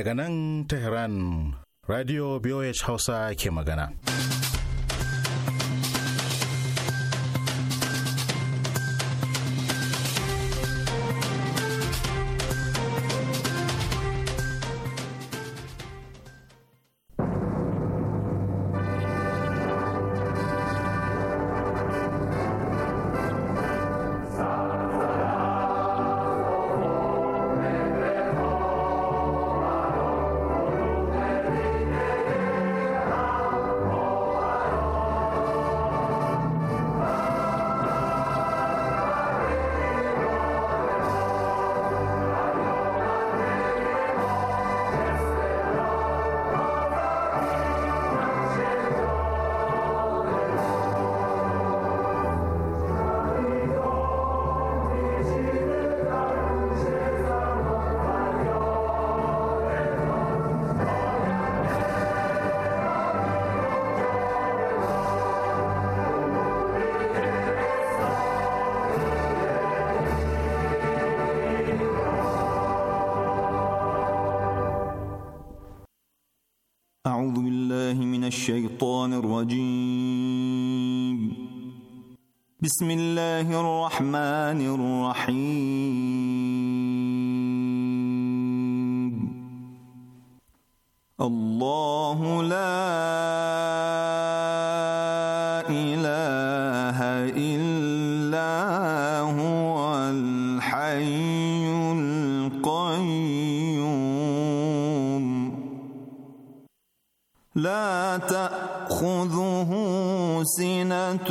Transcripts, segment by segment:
daga nan tehran radio bih hausa ke magana. لا تأخذه سنة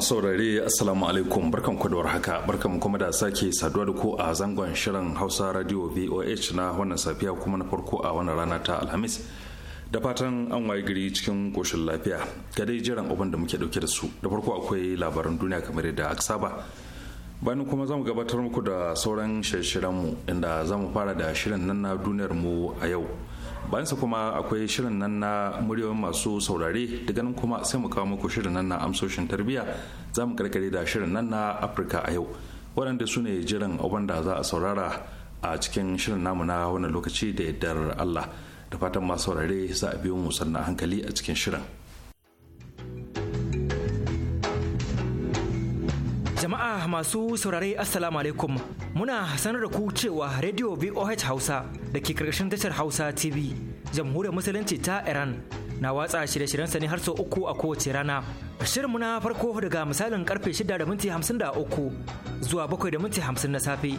masu saurare assalamu alaikum barkan ku da haka barkan kuma da sake saduwa da ku a zangon shirin hausa radio voh na wannan safiya kuma na farko a wannan rana ta alhamis da fatan an waye gari cikin koshin lafiya ga dai jiran abin da muke dauke da su da farko akwai labaran duniya kamar yadda aka saba bayan kuma zamu gabatar muku da sauran shirye mu inda zamu fara da shirin nan na duniyar mu a yau bayansa kuma akwai shirin nan na muryoyin masu saurare da ganin kuma sai mu kawo muku shirin nan na amsoshin tarbiyya za mu karkare da shirin nan na afirka a yau waɗanda su ne jiran abin da za a saurara a cikin shirin namu na wannan lokaci da yardar allah da fatan masu saurare za a biyo mu sannan hankali a cikin shirin. Jama'a masu saurare Assalamu alaikum muna sanar da ku cewa Radio VOH Hausa da ke karkashin tashar Hausa TV jamhuriyar musulunci ta Iran na watsa shirye shiryen ne har sau uku a kowace rana. shirin muna farko daga misalin karfe 6 da minti 53 zuwa 7 da minti 50 na safe.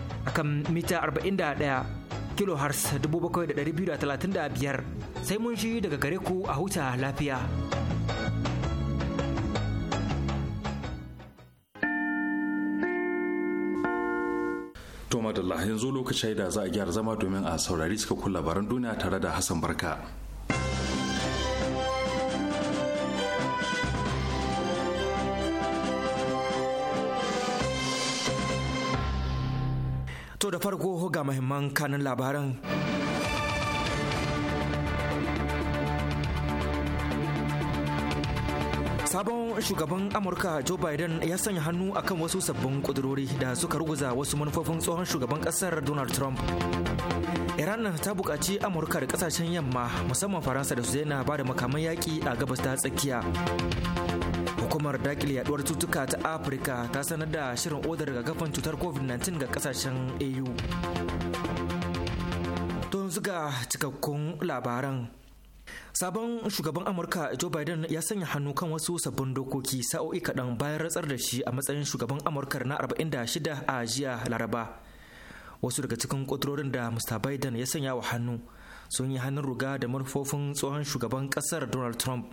akan mita 41 kilohertz 7,235 sai mun shi daga gare ku a huta lafiya. Toma da yanzu lokacin da za a gyara zama domin a saurari suka kun labaran duniya tare da Hassan Barka. To da farko ga mahimman kanin labaran. Sabon shugaban Amurka Joe Biden ya sanya hannu akan wasu sabbin kudurori da suka ruguza wasu manufofin tsohon shugaban kasar Donald Trump. Iran ta buƙaci Amurka da ƙasashen yamma musamman Faransa da su daina ba da makaman yaƙi a gabas ta tsakiya. hukumar dakile yaduwar cutuka ta afirka ta sanar da shirin odar rigakafin cutar covid-19 ga kasashen au don zuga cikakkun labaran sabon shugaban amurka joe biden ya sanya hannu kan wasu sabbin dokoki sa'o'i kaɗan bayan ratsar da shi a matsayin shugaban amurka na 46 a jiya laraba wasu daga cikin ƙudurorin da mr biden ya sanya wa hannu sun yi hannun ruga da manufofin tsohon shugaban ƙasar donald trump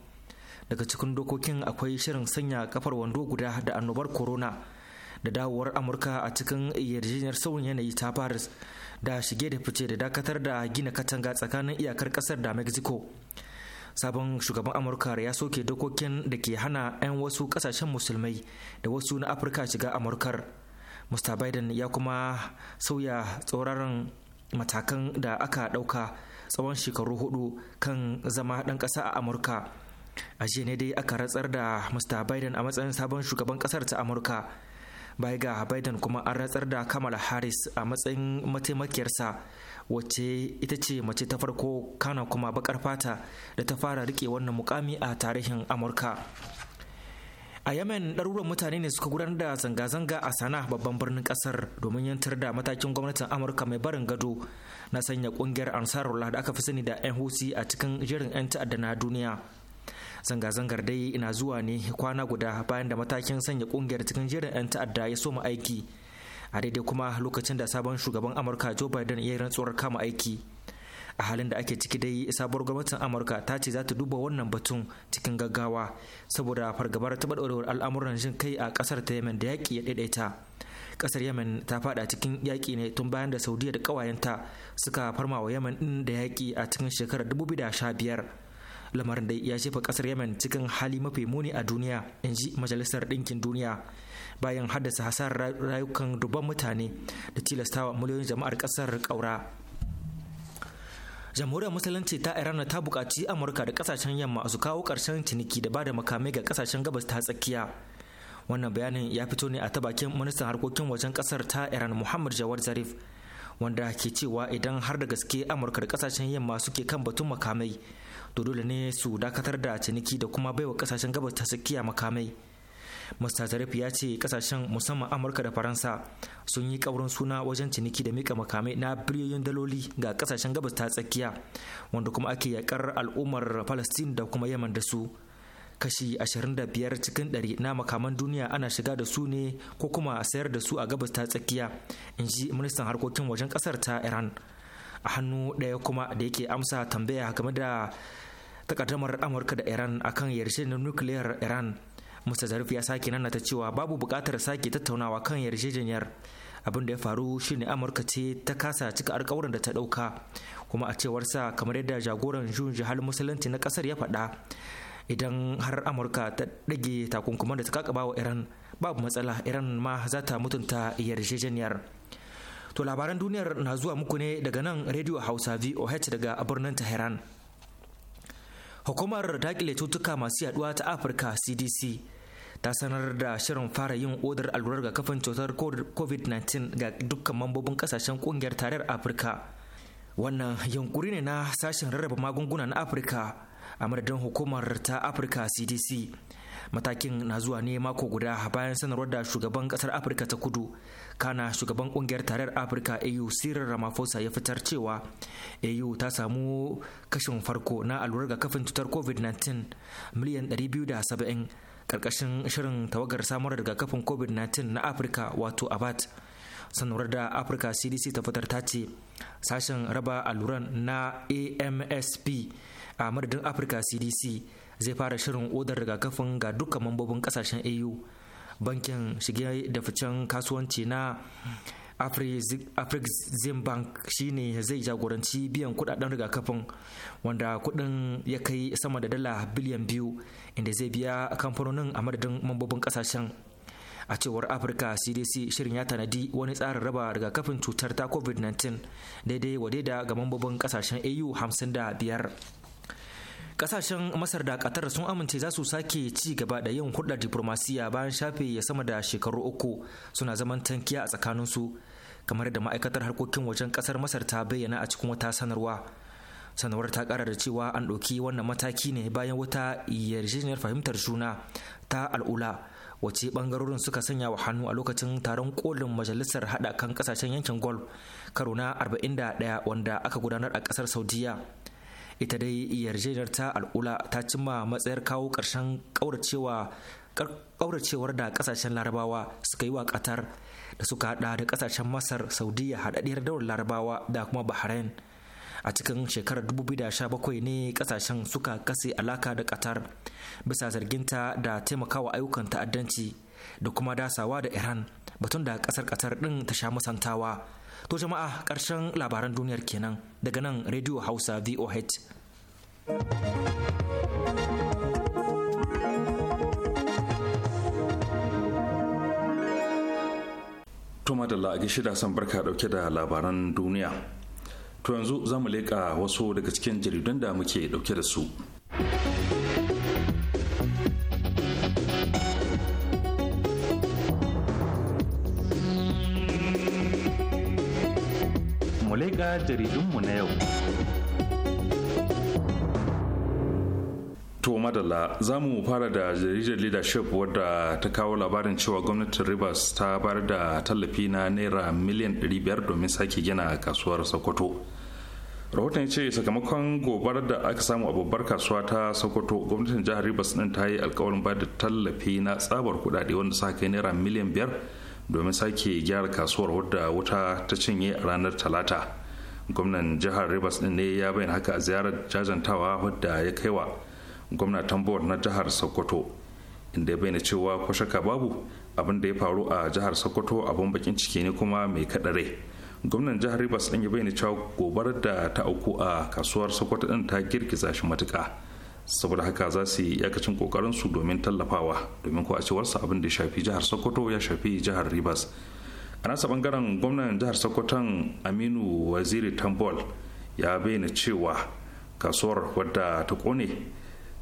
daga cikin dokokin akwai shirin sanya kafar wando guda da annobar corona da dawowar amurka a cikin yarjejeniyar sauyin yanayi ta paris da shige da fice da dakatar da gina katanga tsakanin iyakar kasar da mexico sabon shugaban amurka ya soke dokokin da ke hana 'yan wasu kasashen musulmai da wasu na afirka shiga amurkar mr biden ya kuma sauya tsoron matakan da aka ɗauka tsawon shekaru hudu kan zama ɗan ƙasa a amurka a jiya ne dai aka ratsar da mr biden a matsayin sabon shugaban kasar ta amurka bai ga biden kuma an ratsar da kamala harris a matsayin mataimakiyarsa wacce ita ce mace ta farko kana kuma bakar fata da ta fara rike wannan mukami a tarihin amurka a yemen ɗaruruwan mutane ne suka gudanar da zanga-zanga a sana babban birnin kasar domin yantar da matakin gwamnatin amurka mai barin gado na sanya ƙungiyar ansarullah da aka fi sani da nhc a cikin jirin 'yan ta'adda na duniya zanga-zangar dai ina zuwa ne kwana guda bayan da matakin sanya kungiyar cikin jerin 'yan ta'adda ya so soma aiki a daidai kuma lokacin da sabon shugaban amurka joe biden ya yi rantsuwar kama aiki a halin da ake ciki dai sabuwar gwamnatin amurka ta ce za ta duba wannan batun cikin gaggawa saboda fargabar taɓarɓarewar al'amuran jin kai a ƙasar ta yemen da yaƙi ya daidaita ƙasar yemen ta faɗa cikin yaƙi ne tun bayan da saudiya da ƙawayenta suka farma wa yemen ɗin da yaƙi a cikin shekarar sha biyar. lamarin da ya jefa kasar yemen cikin hali mafi muni a duniya in ji majalisar ɗinkin duniya bayan haddasa hasar rayukan dubban mutane da tilastawa miliyoyin jama'ar kasar ƙaura jamhuriyar musulunci ta iran ta buƙaci amurka da kasashen yamma su kawo ƙarshen ciniki da bada makamai ga kasashen gabas ta tsakiya wannan bayanin ya fito ne a ta bakin ministan harkokin wajen kasar ta iran muhammad jawad zarif wanda ke cewa idan har da gaske amurka da kasashen yamma suke kan batun makamai to dole ne su dakatar da ciniki da kuma baiwa kasashen gabas ta tsakiya makamai Mr. Zarif ya ce kasashen musamman Amurka da Faransa sun yi kaurin suna wajen ciniki da mika makamai na biliyoyin daloli ga kasashen gabas ta tsakiya wanda kuma ake yakar al'ummar Palestine da kuma Yemen da su. Kashi 25 cikin 100 na makaman duniya ana shiga da su ne ko kuma sayar da su a gabas ta tsakiya, in ji ministan harkokin wajen kasar ta Iran. a hannu ɗaya kuma da yake amsa tambaya game da takaddamar amurka da iran akan yarjejeniyar nukiliyar iran musta zarif ya sake nana ta cewa babu bukatar sake tattaunawa kan yarjejeniyar abin da ya faru shine amurka ce ta kasa cika alkawuran da ta ɗauka kuma a cewar sa kamar yadda jagoran jun jihal musulunci na kasar ya faɗa idan har amurka ta ɗage takunkuman da ta kakaba wa iran babu matsala iran ma za ta mutunta yarjejeniyar To labaran duniyar na zuwa muku ne daga nan Radio Hausa VOH daga birnin Tehran. Hukumar dakile cutuka masu yaduwa ta Afirka CDC ta sanar da shirin fara yin odar allurar ga kafin cutar COVID-19 ga dukkan mambobin kasashen kungiyar tarayyar Afirka. Wannan yunkuri ne na sashen rarraba magunguna na Afirka a madadin hukumar ta Afirka CDC. matakin na zuwa ne mako guda bayan sanarwar da shugaban kasar afirka ta kudu kana shugaban kungiyar tarayyar afirka au sirrin ramaphosa ya fitar cewa au ta samu kashin farko na ga kafin cutar covid-19 miliyan 270 karkashin shirin tawagar samar daga kafin covid-19 na afirka wato abat sanarwar da afirka cdc ta fitar ta ce sashen raba alluran na amsp a madadin afirka cdc zai fara shirin odar rigakafin ga dukkan mambobin kasashen au bankin shige da ficen kasuwanci na afrexim bank shine zai jagoranci biyan kudaden rigakafin wanda kudin ya kai sama da dala biliyan biyu inda zai biya kamfanonin a madadin mambobin kasashen a cewar afirka cdc shirin ya tanadi wani tsarin raba rigakafin cutar ta covid-19 daidai wadai da ga mambobin kasashen au 55 kasashen masar da katar sun amince za su sake ci gaba da yin hulɗar diplomasiya bayan shafe ya sama da shekaru uku suna zaman tankiya a tsakaninsu kamar da ma'aikatar harkokin wajen kasar masar ta bayyana a cikin wata sanarwa sanarwar ta kara da cewa an ɗauki wannan mataki ne bayan wata yarjejeniyar fahimtar juna ta al'ula wace bangarorin suka sanya wa hannu a lokacin taron kolin majalisar haɗa kan kasashen yankin golf karo na 41 wanda aka gudanar a ƙasar saudiya ita dai yarjejeniyar ta al'ula ta cimma matsayar kawo ƙarshen ƙauracewar da ƙasashen larabawa suka yi wa ƙatar da suka hada da ƙasashen masar saudiya haɗaɗɗiyar daular larabawa da kuma bahrain a cikin shekarar 2017 ne ƙasashen suka kase alaka da qatar bisa zarginta da taimakawa ayyukan ta'addanci da kuma dasawa da iran batun da ƙasar qatar ɗin ta sha musantawa To jama'a ƙarshen labaran duniyar kenan daga nan Radio Hausa VOH. Tuma da la'agi shida san barka dauke da labaran duniya. To yanzu za mu leƙa wasu daga cikin jaridun da muke dauke da su. jaridunmu na yau. To madalla za mu fara da jaridar leadership wadda ta kawo labarin cewa gwamnatin Rivers ta bayar da tallafi na naira miliyan 500 domin sake gina kasuwar Sokoto. rahoton ya ce sakamakon gobarar da aka samu a babbar kasuwa ta sokoto gwamnatin jihar rivers din ta yi alkawarin ba da tallafi na tsabar kudade wanda sa kai naira miliyan biyar domin sake gyara kasuwar wadda wuta ta cinye ranar talata gwamnan jihar rivers din ne ya bayyana haka a ziyarar jajantawa wadda ya kai wa gwamna board na jihar sokoto inda ya bayyana cewa ko shaka babu abin da ya faru a jihar sokoto abun bakin ciki ne kuma mai kadare gwamnan jihar rivers din ya bayyana cewa gobar da ta auku a kasuwar sokoto din ta girgiza shi matuka saboda haka za su yi iyakacin kokarin su domin tallafawa domin ko a cewarsa abin da ya shafi jihar sokoto ya shafi jihar rivers a nasa bangaren gwamnan jihar sokoton aminu waziri tambol ya bayyana cewa kasuwar wadda ta kone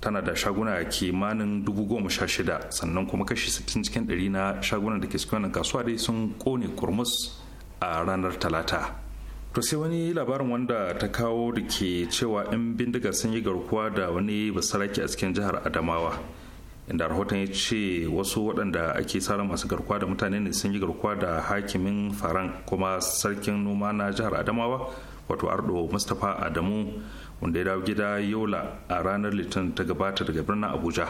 tana da shaguna kimanin dubu goma sha shida sannan kuma kashi sittin cikin ɗari na shagunan da ke cikin kasuwa dai sun kone kurmus a ranar talata to sai wani labarin wanda ta kawo da ke cewa 'yan bindiga sun yi garkuwa da wani basaraki a cikin jihar adamawa inda rahoton ya ce wasu waɗanda ake tsara masu garkuwa da mutane ne sun yi garkuwa da hakimin faran kuma sarkin noma na jihar adamawa wato ardo mustapha adamu wanda ya dawo gida yola a ranar litinin ta gabata daga birnin abuja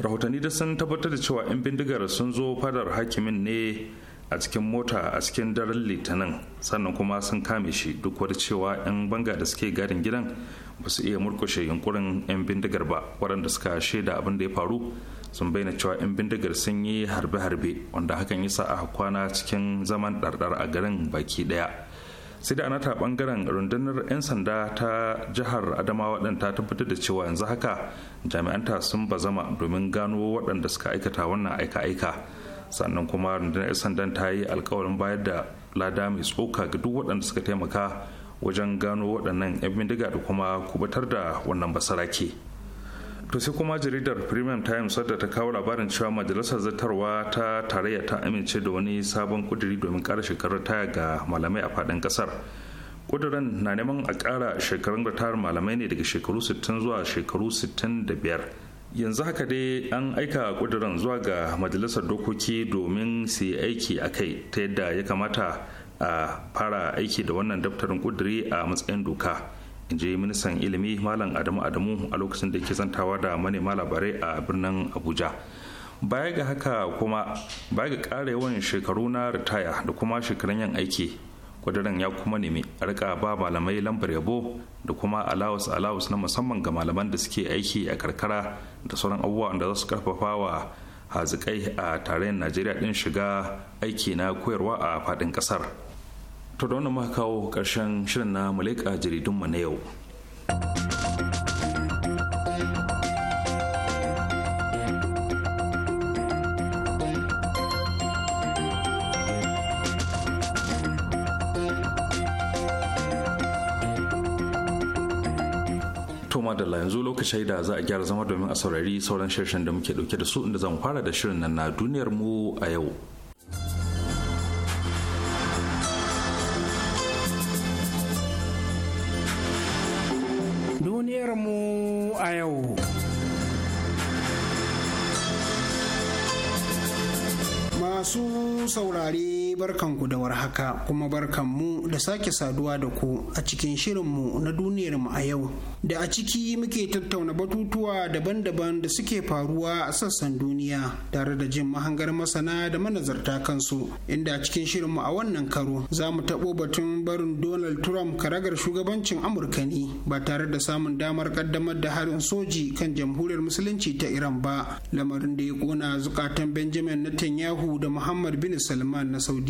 rahotanni da sun tabbatar da cewa 'yan bindigar sun zo fadar hakimin ne a cikin mota a cikin daren litinin sannan kuma sun kame shi duk wani cewa 'yan banga da suke gadin gidan ba su iya murkushe yunkurin 'yan bindigar ba waɗanda suka shaida abin da ya faru sun bayyana cewa 'yan bindigar sun yi harbe-harbe wanda hakan ya sa a kwana cikin zaman ɗarɗar a garin baki ɗaya sai da anata bangaren rundunar 'yan sanda ta jihar adamawa ɗin ta tabbatar da cewa yanzu haka jami'anta sun ba zama domin gano waɗanda suka aikata wannan aika-aika sannan kuma rundunar 'yan sandan ta yi alkawarin bayar da lada mai tsoka ga duk waɗanda suka taimaka wajen gano waɗannan 'yan bindiga da kuma kubutar da wannan basarake to sai kuma jaridar premium times wadda ta kawo labarin cewa majalisar zartarwa ta tarayya ta amince da wani sabon kuduri domin ƙara shekarar taya ga malamai a faɗin ƙasar kudurin na neman a ƙara shekarun ritayar malamai ne daga shekaru 60 zuwa shekaru 65 yanzu haka dai an aika kudurin zuwa ga majalisar dokoki domin su yi aiki a kai ta yadda ya kamata a fara aiki da wannan daftarin kuduri a matsayin doka in ji ministan ilimi malam adamu adamu a lokacin da ke zantawa da manema labarai a birnin abuja baya ga haka kuma baya ga ƙara yawan shekaru na ritaya da kuma shekarun yin aiki kudirin ya kuma nemi a rika ba malamai lambar yabo da kuma alawus alawus na musamman ga malaman da suke aiki a karkara da sauran abubuwan da za su karfafa wa hazikai a tarayyar najeriya din shiga aiki na koyarwa a faɗin ƙasar to da wannan muka kawo ƙarshen shirin na jaridun jaridunmu na yau madalla yanzu lokacin da za a gyara zama domin a saurari sauran shirshen da muke dauke da su inda zan fara da shirin nan na duniyar mu a yau. mu a yau. Masu saurare barkanku da warhaka kuma barkanmu da sake saduwa da ku a cikin shirinmu na duniyarmu a yau da a ciki muke tattauna batutuwa daban-daban da suke faruwa a sassan duniya tare da jin mahangar masana da manazarta kansu inda a cikin shirinmu a wannan karo za mu taɓo batun barin Donald Trump karagar shugabancin Amurka ne ba tare da samun damar kaddamar da harin soji kan jamhuriyar musulunci ta Iran ba lamarin da ya kona zukatan Benjamin Netanyahu da Muhammad bin Salman na Saudi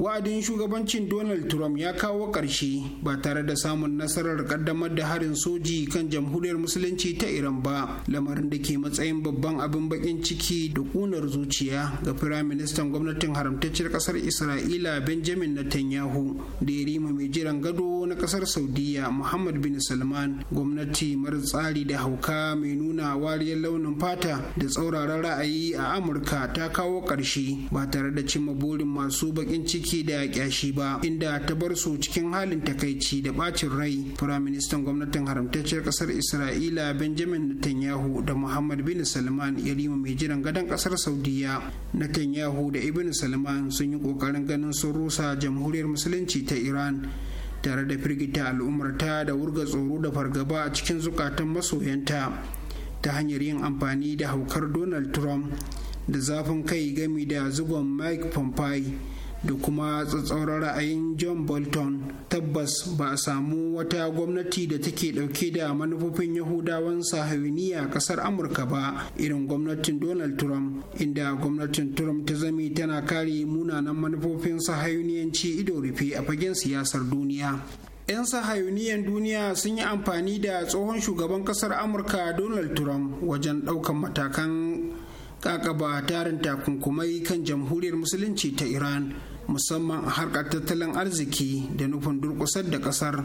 wa'adin shugabancin donald trump ya kawo ƙarshe ba tare da samun nasarar ƙaddamar da harin soji kan jamhuriyar musulunci ta iran ba lamarin da ke matsayin babban abin bakin ciki da ƙunar zuciya ga firaministan gwamnatin haramtacciyar ƙasar isra'ila benjamin netanyahu da ya rima mai jiran gado na ƙasar saudiya muhammad bin salman gwamnati mara tsari da hauka mai nuna wariyar launin fata da tsauraran ra'ayi a amurka ta kawo ƙarshe ba tare da cimma burin masu bakin ciki take da kyashi ba inda ta bar su cikin halin takaici da bacin rai firaministan gwamnatin haramtacciyar kasar isra'ila benjamin netanyahu da muhammad bin salman yarima mai jiran gadon kasar saudiya netanyahu da ibn salman sun yi kokarin ganin sun rusa jamhuriyar musulunci ta iran tare da firgita al'ummarta da wurga tsoro da fargaba a cikin zukatan masoyanta ta hanyar yin amfani da haukar donald trump da zafin kai gami da zugon mike pompeo da kuma tsatsauran ra'ayin john bolton tabbas ba a samu wata gwamnati da take dauke da manufofin yahudawan a kasar amurka ba irin gwamnatin donald trump inda gwamnatin trump ta zame tana kare munanan manufofin sahayuniyanci ido rufe a fagen siyasar duniya 'yan sahayuniyan duniya sun yi amfani da tsohon shugaban kasar amurka donald trump wajen ɗaukan matakan kakaba tarin takunkumai kan jamhuriyar musulunci ta iran musamman a harkar tattalin arziki da nufin durƙusar da kasar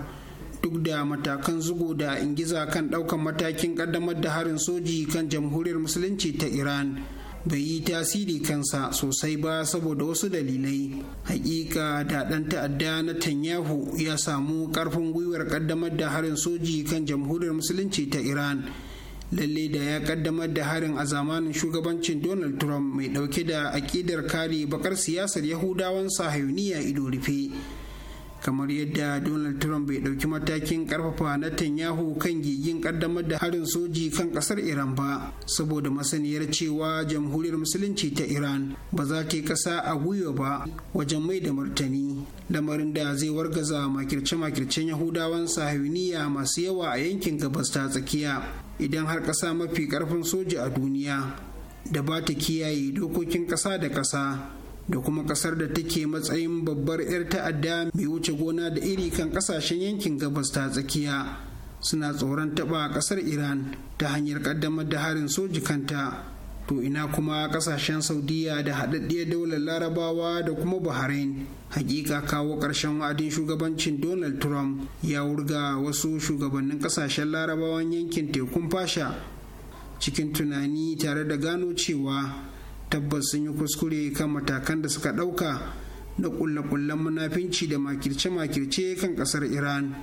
duk da matakan zugo da ingiza kan daukan matakin kaddamar da harin soji kan jamhuriyar musulunci ta iran bai yi tasiri kansa sosai ba saboda wasu dalilai hakika da ɗan ta'adda na tanyahu ya samu karfin gwiwar kaddamar da harin soji kan jamhuriyar musulunci ta iran lalle da ya kaddamar da harin a zamanin shugabancin donald trump mai dauke da akidar kare bakar siyasar yahudawan sahayuniya ido rufe kamar yadda donald trump bai dauki matakin karfafa na tanyahu kan gigin kaddamar da harin soji kan kasar iran ba saboda masaniyar cewa jamhuriyar musulunci ta iran ba za ta yi kasa a gwiwa ba wajen mai da martani lamarin da zai wargaza makirce-makircen yahudawan sahayuniya masu yawa a yankin gabas ta tsakiya idan har ƙasa mafi ƙarfin soja a duniya da ba ta kiyaye dokokin ƙasa da ƙasa da kuma ƙasar da take matsayin babbar 'yar ta'adda mai wuce gona da iri kan ƙasashen yankin gabas ta tsakiya suna tsoron taɓa ƙasar iran ta hanyar ƙaddamar da harin soji kanta to ina kuma kasashen saudiya da haɗaɗɗiyar daular larabawa da kuma bahrain hakika kawo ƙarshen wa'adin shugabancin donald trump ya wurga wasu shugabannin kasashen larabawan yankin tekun fasha cikin tunani tare da gano cewa tabbas sun yi kuskure kan matakan da suka ɗauka na ƙulle-ƙullen munafinci da makirce-makirce kan ƙasar iran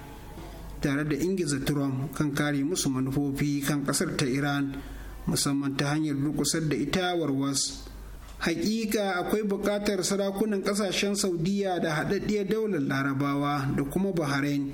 tare da ingiza trump kan kare musu manufofi kan ƙasar ta iran musamman ta hanyar durkusar da ita warwas hakika akwai buƙatar sarakunan ƙasashen saudiya da haɗaɗɗiyar daular larabawa da kuma bahrain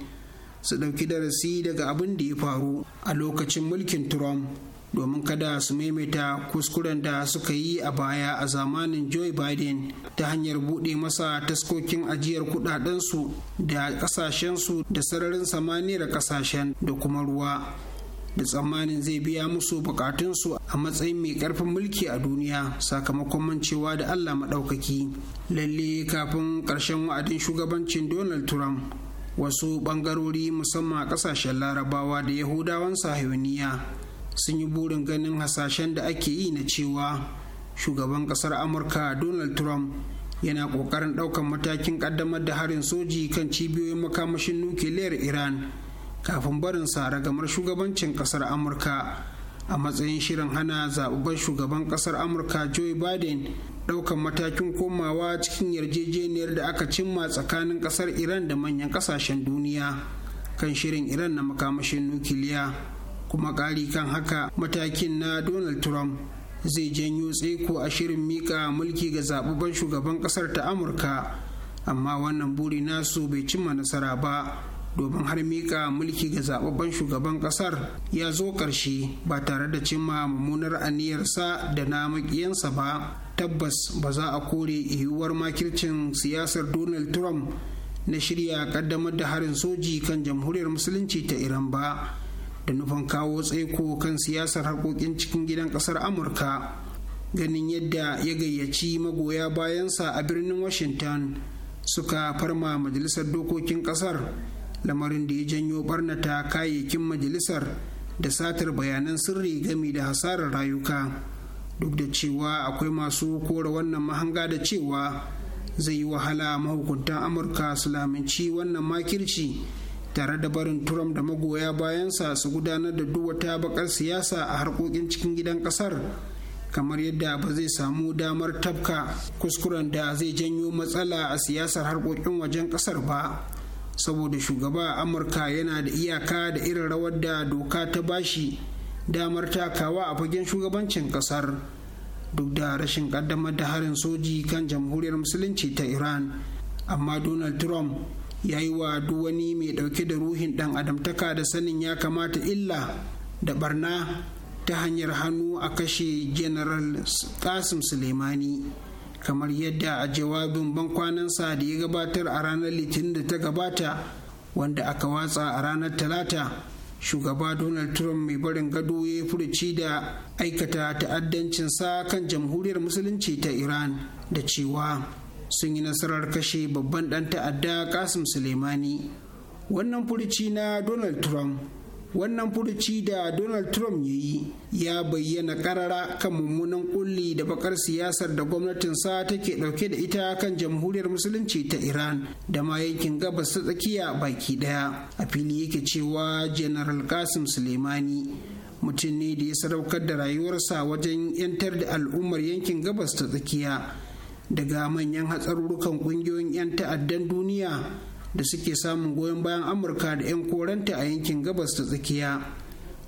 su ɗauki darasi daga abin da ya faru a lokacin mulkin trump domin kada su maimaita kuskuren da suka yi a baya a zamanin joe biden ta hanyar buɗe masa taskokin ajiyar kudadensu da ƙasashensu da sararin samaniyar ƙasashen da kuma ruwa da tsammanin zai biya musu bukatunsu a matsayin mai karfin mulki a duniya sakamakon mancewa da allah maɗaukaki lalle kafin ƙarshen wa'adin shugabancin donald trump wasu ɓangarori musamman a ƙasashen larabawa da yahudawan sahiyoniya sun yi burin ganin hasashen da ake yi na cewa shugaban ƙasar amurka donald trump yana ƙoƙarin ɗaukar matakin ƙaddamar da harin soji kan cibiyoyin makamashin nukiliyar iran kafin barinsa ragamar shugabancin kasar amurka a matsayin shirin hana zaɓuɓɓen shugaban kasar amurka joe biden ɗaukan matakin komawa cikin yarjejeniyar da aka cimma tsakanin kasar iran da manyan ƙasashen duniya kan shirin iran na makamashin nukiliya kuma ƙari kan haka matakin na donald trump zai janyo tseko a shirin mika mulki ga zaɓuɓɓen shugaban ƙasar ta amurka amma wannan buri nasu bai cimma nasara ba domin har mika mulki ga zababban shugaban ƙasar ya zo ƙarshe ba tare da cimma mummunar aniyarsa da na makiyansa ba tabbas ba za a kore yiwuwar makircin siyasar donald trump na shirya ƙaddamar da harin soji kan jamhuriyar musulunci ta iran ba da nufin kawo tsaiko kan siyasar harkokin cikin gidan ƙasar amurka ganin yadda ya gayyaci magoya bayansa a birnin washington suka farma majalisar dokokin ƙasar. lamarin da ya janyo barnata kayayyakin majalisar da satar bayanan sirri gami da hasarar rayuka duk da cewa akwai masu kora wannan mahanga da cewa zai yi wahala mahukuntan amurka su laminci wannan makirci tare da barin turam da magoya bayansa su gudanar da duk wata bakar siyasa a harkokin cikin gidan kasar kamar yadda ba zai samu damar tabka kuskuren da zai janyo matsala a siyasar harkokin wajen kasar ba saboda shugaba amurka yana da iyaka da irin rawar da doka ta bashi damar takawa a fagen shugabancin kasar duk da rashin kaddamar da harin soji kan jamhuriyar musulunci ta iran amma donald trump ya yi wa duk wani mai dauke da ruhin dan adamtaka da sanin ya kamata illa da barna ta hanyar hannu a kashe general kasim suleimani kamar yadda a jawabin bankwanansa da ya gabatar a ranar litinin da ta gabata wanda aka watsa a ranar talata shugaba donald trump mai barin gado ya yi furuci da aikata ta'addancinsa kan jamhuriyar musulunci ta iran da cewa sun yi nasarar kashe babban ɗan ta'adda kasim suleimani wannan furuci na donald trump wannan furuci da donald trump ya yi ya bayyana karara kan mummunan kulli da bakar siyasar da gwamnatin gwamnatinsa take dauke da ita kan jamhuriyar musulunci ta iran da ma yankin gabas ta tsakiya baki daya a fili yake cewa general kasim suleimani mutum ne da ya sadaukar da rayuwarsa wajen 'yantar da al'ummar yankin gabas ta tsakiya daga manyan hatsarurrukan kungiyoyin 'yan ta'addan duniya da suke samun goyon bayan amurka da 'yan koranta a yankin gabas ta tsakiya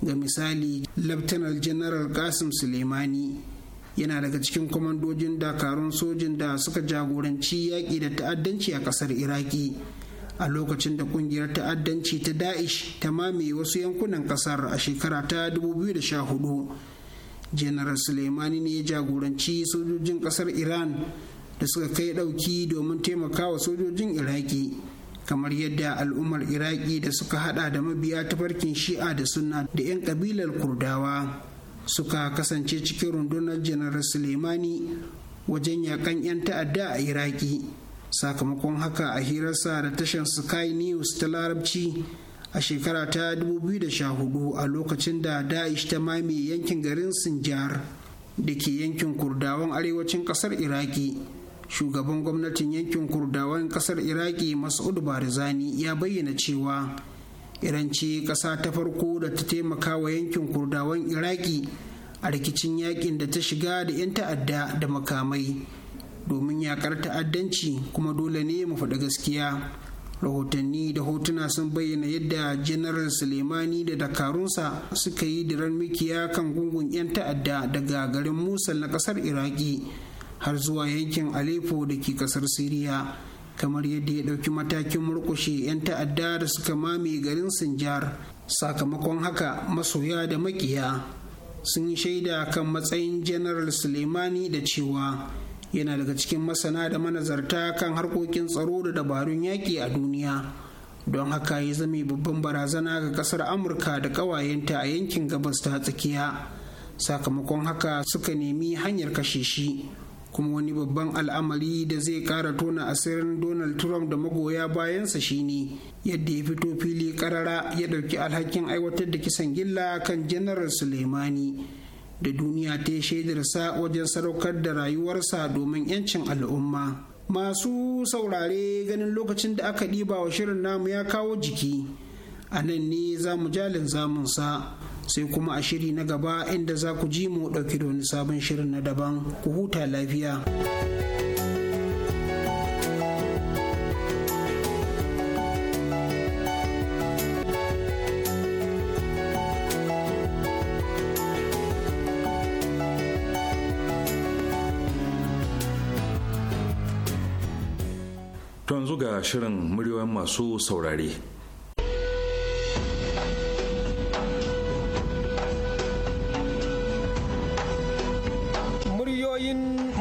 ga misali laftanar general kasim suleimani yana daga cikin kwamandojin dakarun sojin da suka jagoranci yaƙi da ta'addanci a ƙasar iraki a lokacin da ƙungiyar ta'addanci ta da'ish ta mame wasu yankunan ƙasar a shekara ta 2014 general suleimani ne ya jagoranci sojojin ƙasar iran da suka kai ɗauki domin taimakawa sojojin iraki kamar yadda al'ummar iraki da suka hada da mabiya ta tafarkin shi'a da sunna da 'yan kabilar kurdawa suka kasance cikin rundunar janar suleimani wajen yakan 'yan ta'adda a iraki sakamakon haka a hirarsa da tashar sky news ta larabci a shekara ta 2014 a lokacin da daesh ta mame yankin garin sinjar da ke yankin kurdawan arewacin kasar iraki shugaban gwamnatin yankin kurdawan kasar iraki mas'ud barizani ya bayyana cewa iran ce kasa ta farko da ta taimaka wa yankin kurdawan iraki a rikicin yakin da ta shiga da 'yan ta'adda da makamai domin yakar ta'addanci kuma dole ne mu faɗi gaskiya rahotanni da hotuna sun bayyana yadda janaral sulemani da dakarunsa suka yi diran mikiya kan gungun 'yan ta'adda daga garin musul na kasar iraki har zuwa yankin aleppo da ke kasar siriya kamar yadda ya ɗauki matakin murkushe 'yan ta'adda da suka mame garin sinjar sakamakon haka masoya da makiya sun yi shaida kan matsayin general suleimani da cewa yana daga cikin masana da manazarta kan harkokin tsaro da dabarun yaƙi a duniya don haka ya zame babban barazana ga ƙasar amurka da ƙawayenta a yankin gabas ta tsakiya sakamakon haka suka nemi hanyar kashe shi kuma wani babban al'amari da zai kara tona asirin donald trump da magoya bayansa shine yadda ya fito fili karara ya ɗauki alhakin aiwatar da kisan gilla kan janaral suleimani da duniya ta yi shaidarsa wajen sadaukar da rayuwarsa domin 'yancin al'umma masu saurare ganin lokacin da aka ɗiba wa shirin namu ya kawo jiki a nan ne za mu jalin zamunsa sai kuma a shiri na gaba inda za ku ji mu ɗauki da wani sabon shirin na daban ku huta lafiya. To yanzu ga shirin muryoyin masu saurare.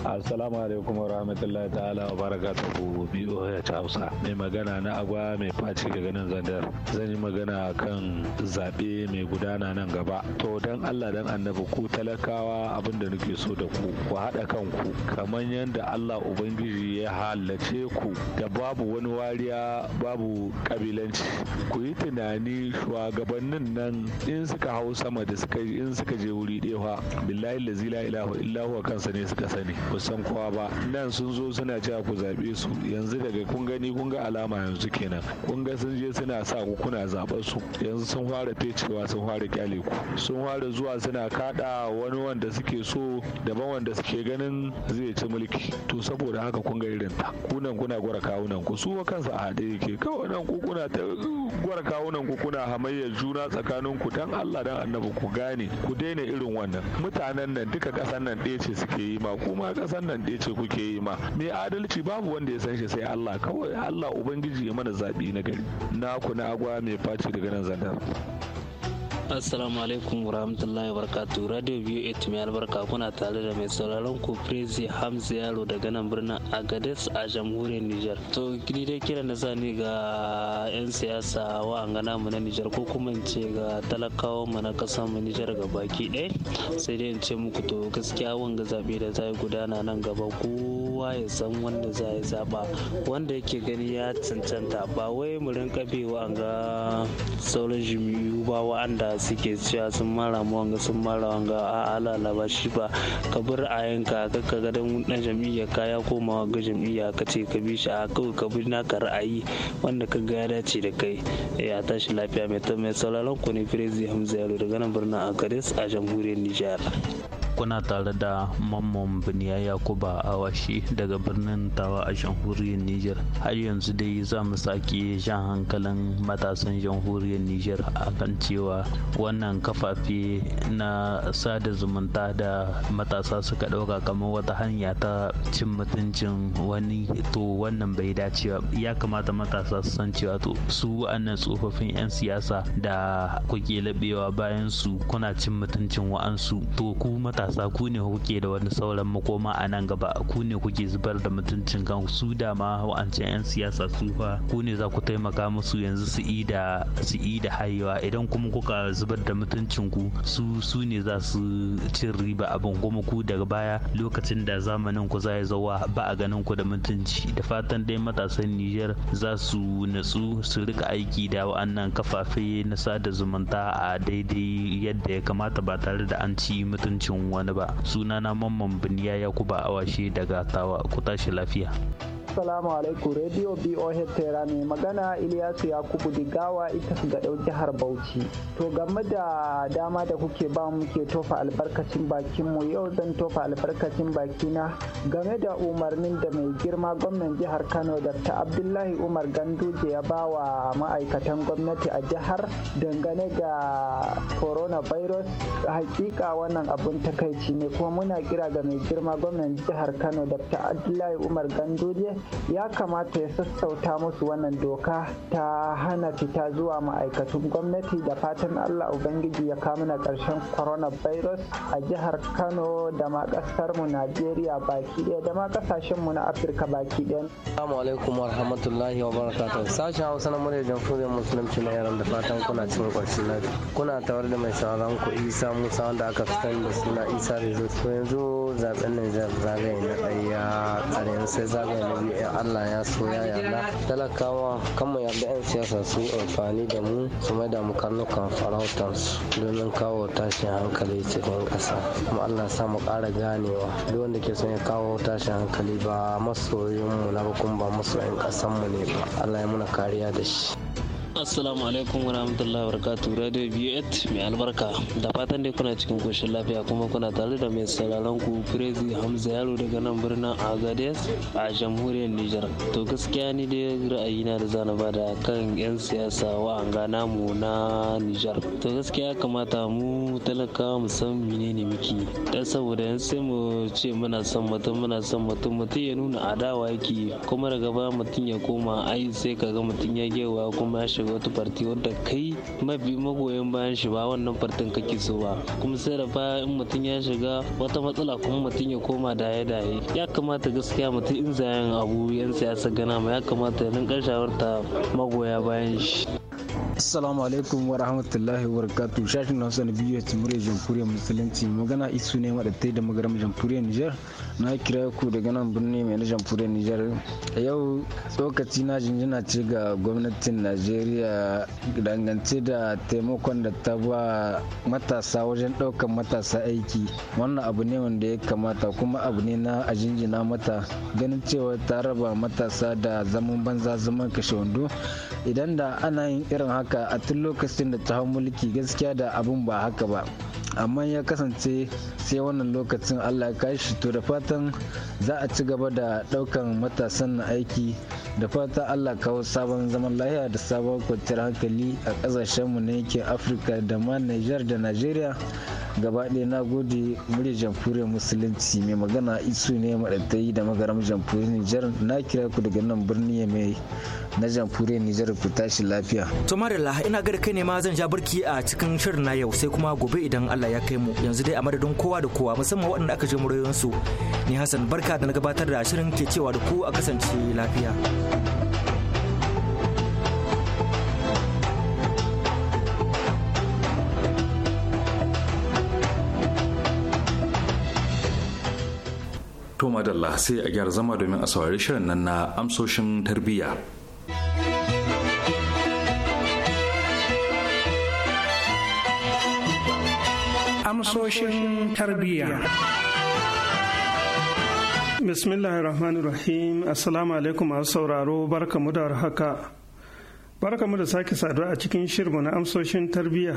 Assalamu alaikum wa rahmatullahi ta'ala wa barakatuhu BOH Hausa. Mai magana na agwa mai faci daga nan zandar. Zan yi magana kan zaɓe mai gudana nan gaba. To dan Allah dan annabi ku talakawa abin da nake so da ku ku haɗa kanku kamar yadda Allah Ubangiji ya halarce ku da babu wani wariya babu kabilanci. Ku yi tunani shugabannin nan in suka hau sama da suka in suka je wuri ɗaya billahi la ilaha illa kansa ne suka sani. ba san kowa ba nan sun zo suna cewa ku zaɓe su yanzu daga kun gani kun ga alama yanzu kenan kun ga sun je suna sa ku kuna zaɓar su yanzu sun fara fecewa sun fara kyale ku sun fara zuwa suna kaɗa wani wanda suke so daban wanda suke ganin zai ci mulki to saboda haka kun ga irin ta kunan kuna gwara kawunan ku su kansa a haɗe yake kawai nan ku kuna ta gwara kawunan ku kuna hamayyar juna tsakanin ku dan Allah dan annabi ku gane ku daina irin wannan mutanen nan duka ƙasar nan ɗaya ce suke yi ma kuma kasan nan ɗaya ce kuke yi ma mai adalci babu wanda ya san shi sai Allah kawai Allah ubangiji ya mana zaɓi na gari naku na agwa mai faci daga nan zandar assalamu alaikum warahmatullahi wabarakatuh radio biyu et mai e albarka kuna tare da mai sauraron ku prezi hamza yaro daga nan birnin agades a jamhuriyar nijar to ni dai kiran da zani ga yan siyasa wa angana mu na nijar ko kuma in ce ga talakawa mu na kasar mu niger ga baki ɗaya sai dai in ce muku to gaskiya wanga zabe da zai gudana nan gaba kowa ya san wanda za ya zaba wanda yake gani ya cancanta ba wai mu rinka bewa ga sauran jimiyu ba wa'anda suke cewa sun mara mu wanga sun mara wanga a alala ba shi ba ka bar yanka ka ka ga dan jam'iyya ka ya koma ga jam'iyya ka ce ka bi shi a kawai ka bi naka ra'ayi wanda ka ga ya dace da kai ya eh, tashi lafiya mai ta mai sauraron ku ne Firezi Hamza Yaro daga nan birnin Akades a jamhuriyar Nijar. kuna tare da mamman biniya yakuba awashi daga birnin tawa a jamhuriyar niger har yanzu dai za mu sake jan hankalin matasan jamhuriyar niger kan cewa wannan kafafe na sada zumunta da matasa suka ɗauka kamar wata hanya ta cin mutuncin wani to wannan bai dace ba ya kamata matasa su san cewa to su wa'annan tsofaffin 'yan siyasa da kuke laɓewa bayan su kuna cin mutuncin wa'ansu to ku matasa matasa ku ne kuke da wani sauran makoma a nan gaba ku ne kuke zubar da mutuncin kan su da ma wa'ancan 'yan siyasa su fa ku ne za ku taimaka musu yanzu su yi da su yi da haiwa idan kuma kuka zubar da mutuncin ku su su ne za su cin riba abin kuma ku daga baya lokacin da zamanin ku za ya ba a ganin ku da mutunci da fatan dai matasan Nijar za su natsu su rika aiki da wa'annan kafafe na sada zumunta a daidai yadda ya kamata ba tare da an ci mutuncin wani ba sunana mamman biniya yakuba awashe daga tawa ku tashi lafiya Assalamu alaikum Radio BOH Tera mai magana Ilyasu Yakubu Digawa ita ga ɗau jihar Bauchi. To game da dama da kuke ba mu ke tofa albarkacin bakin mu yau zan tofa albarkacin bakina game da umarnin da mai girma gwamnan jihar Kano Dr. Abdullahi Umar Ganduje ya ba wa ma'aikatan gwamnati a jihar dangane da coronavirus hakika wannan abun takaici ne kuma muna kira ga mai girma gwamnan jihar Kano Dr. Abdullahi Umar Ganduje ya kamata ya sassauta musu wannan doka ta hana fita zuwa ma'aikatun gwamnati da fatan allah ubangiji ya na ƙarshen coronavirus a jihar kano da ma mu najeriya baki daya da ma mu na afirka baki daya assalamu alaikum wa rahmatullahi wa barakatuhu sashen hausa na murya jamhuriyar musulunci na yaran da fatan kuna cikin ƙwarshen lafiya kuna tawar da mai sauran ku isa musa wanda aka fi sani da suna isa rezo yanzu zaben nijar zagaye na ɗaya tsarin sai zagaye na biyu mu Allah ya so ya yarda talakawa kan mu yarda 'yan siyasa su amfani da mu su mai da mu karnukan farautansu domin kawo tashin hankali cikin ƙasa kuma Allah ya sa mu ƙara ganewa duk wanda ke son ya kawo tashin hankali ba masoyin mu na bakun ba masoyin ƙasan mu ne ba Allah ya muna kariya da shi. assalamu alaikum wa rahmatullahi wa barakatuh radio B8 mai albarka da fatan dai kuna cikin koshin lafiya kuma kuna tare da mai sauraron ku crazy hamza yaro daga nan birnin Agadez a jamhuriyar niger to gaskiya ni dai ra'ayina da zana bada kan yan siyasa wa an gana mu na niger to gaskiya kamata mu talaka mu san menene muke dan saboda yan sai mu ce muna son mutum muna son mutum mutum ya nuna adawa yake kuma daga ba mutum ya koma ai sai kaga mutum ya gewa kuma ya shiga wata farti wadda kai mafi magoyan bayan shi ba wannan fartin kake so ba kuma sai da baya in mutum ya shiga wata matsala kuma mutum ya koma daye daye ya kamata gaskiya mutum in zayen abu yan siyasa gana ma ya kamata ya rinka shawarta magoya bayan shi Assalamu alaikum wa rahmatullahi wa barakatuh. Shashin na wasu na biyu ya timure jamhuriyar musulunci magana isu ne madattai da magaram jamhuriyar Nijar. Na kira ku daga nan birni mai na jamhuriyar Nijar. A yau tsokaci na jinjina ce ga gwamnatin Najeriya dangance da taimakon da ta ba matasa wajen ɗaukan matasa aiki. Wannan abu ne wanda ya kamata kuma abu ne na a jinjina mata ganin cewa ta raba matasa da zaman banza zaman kashe wando. Idan da ana yin irin haka haka a tun lokacin da ta hau mulki gaskiya da abun ba haka ba amma ya kasance sai wannan lokacin allah ya kashi to da fatan za a ci gaba da daukan matasan aiki da fatan allah kawo sabon zaman lahiya da sabon kwanciyar hankali a kasashenmu na yankin afirka da ma niger da nigeria gaba ɗaya na gode murya jamhuriyar musulunci mai magana isu ne maɗaɗai da magaram jamhuriyar niger na kira ku daga nan birni mai na jamhuriyar niger ku tashi lafiya to ina ga kai ne ma zan ja burki a cikin shirin na yau sai kuma gobe idan Allah ya kai mu yanzu dai a madadin kowa da kowa musamman waɗanda aka je murayensu ni Hassan barka da na gabatar da shirin ke cewa da ku a kasance lafiya. To madalla sai a gyara zama domin a saurari shirin nan na amsoshin tarbiyya. amsoshin tarbiyya. bismillahir rahmanir rahim assalamu alaikum masu sauraro barkamu da haka barkamu da sake saduwa a cikin shirmu na amsoshin tarbiyya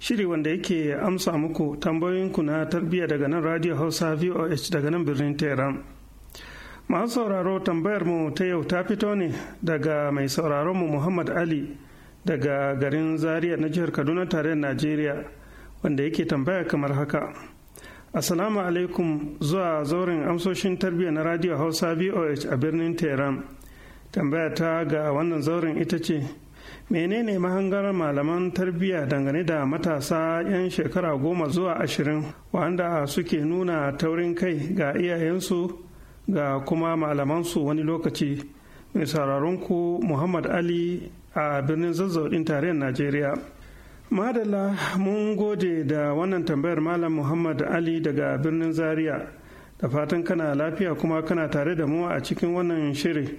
shiri wanda yake amsa muku tambayoyinku na tarbiyya daga nan radio hausa voh daga nan birnin tehran masu sauraro tambayar mu ta yau ta fito ne daga mai sauraron mu muhammad ali daga garin zaria na jihar kaduna tarayyar najeriya wanda yake tambaya kamar haka assalamu alaikum zuwa zauren amsoshin tarbiyya na radio hausa voh a birnin tehran tambaya ta ga wannan zauren ita ce menene mahangar malaman tarbiyya dangane da matasa 'yan shekara goma zuwa ashirin wanda suke nuna taurin kai ga iyayensu ga kuma malamansu wani lokaci mai ku muhammad ali a birnin zazzaudin tarihin najeriya madala mun gode da wannan tambayar malam muhammad ali daga birnin zaria da fatan kana lafiya kuma kana tare da mu a cikin wannan shiri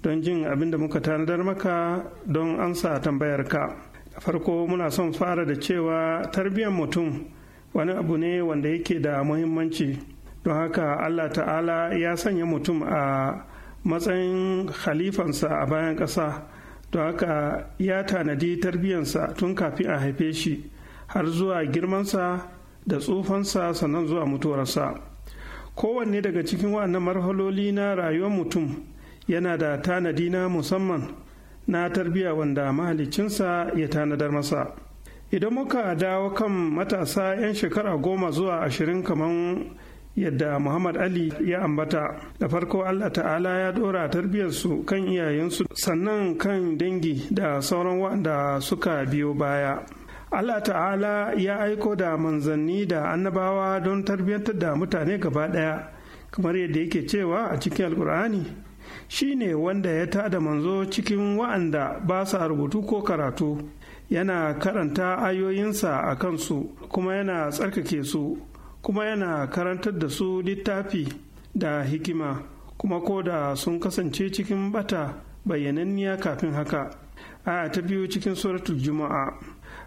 don jin abin da muka tanadar maka don amsa tambayar ka da farko muna son fara da cewa tarbiyyar mutum wani abu ne wanda yake da muhimmanci don haka allah ta'ala ya sanya mutum a matsayin khalifansa a bayan ƙasa To haka ya tanadi tarbiyyansa tun kafin a haife shi har zuwa girmansa da tsufansa sannan zuwa mutuwarsa kowanne daga cikin wannan marhaloli na rayuwar mutum yana da tanadi na musamman na tarbiyya wanda mahalicinsa ya tanadar masa idan muka dawo kan matasa 'yan shekara goma zuwa ashirin kamar yadda Muhammad Ali ya ambata da farko Allah ta'ala ya dora tarbiyarsu kan iyayensu sannan kan dangi da sauran waɗanda suka biyo baya. Allah ta'ala ya aiko da manzanni da annabawa don tarbiyyantar da mutane gaba ɗaya kamar yadda yake cewa a cikin alkur'ani shi ne wanda ya tada manzo cikin wa'anda ba sa rubutu ko karatu yana karanta ayoyinsa a kansu kuma yana tsarkake su kuma yana karantar da su littafi da hikima kuma ko da sun kasance cikin bata bayyananniya kafin haka a ta biyu cikin suratul juma'a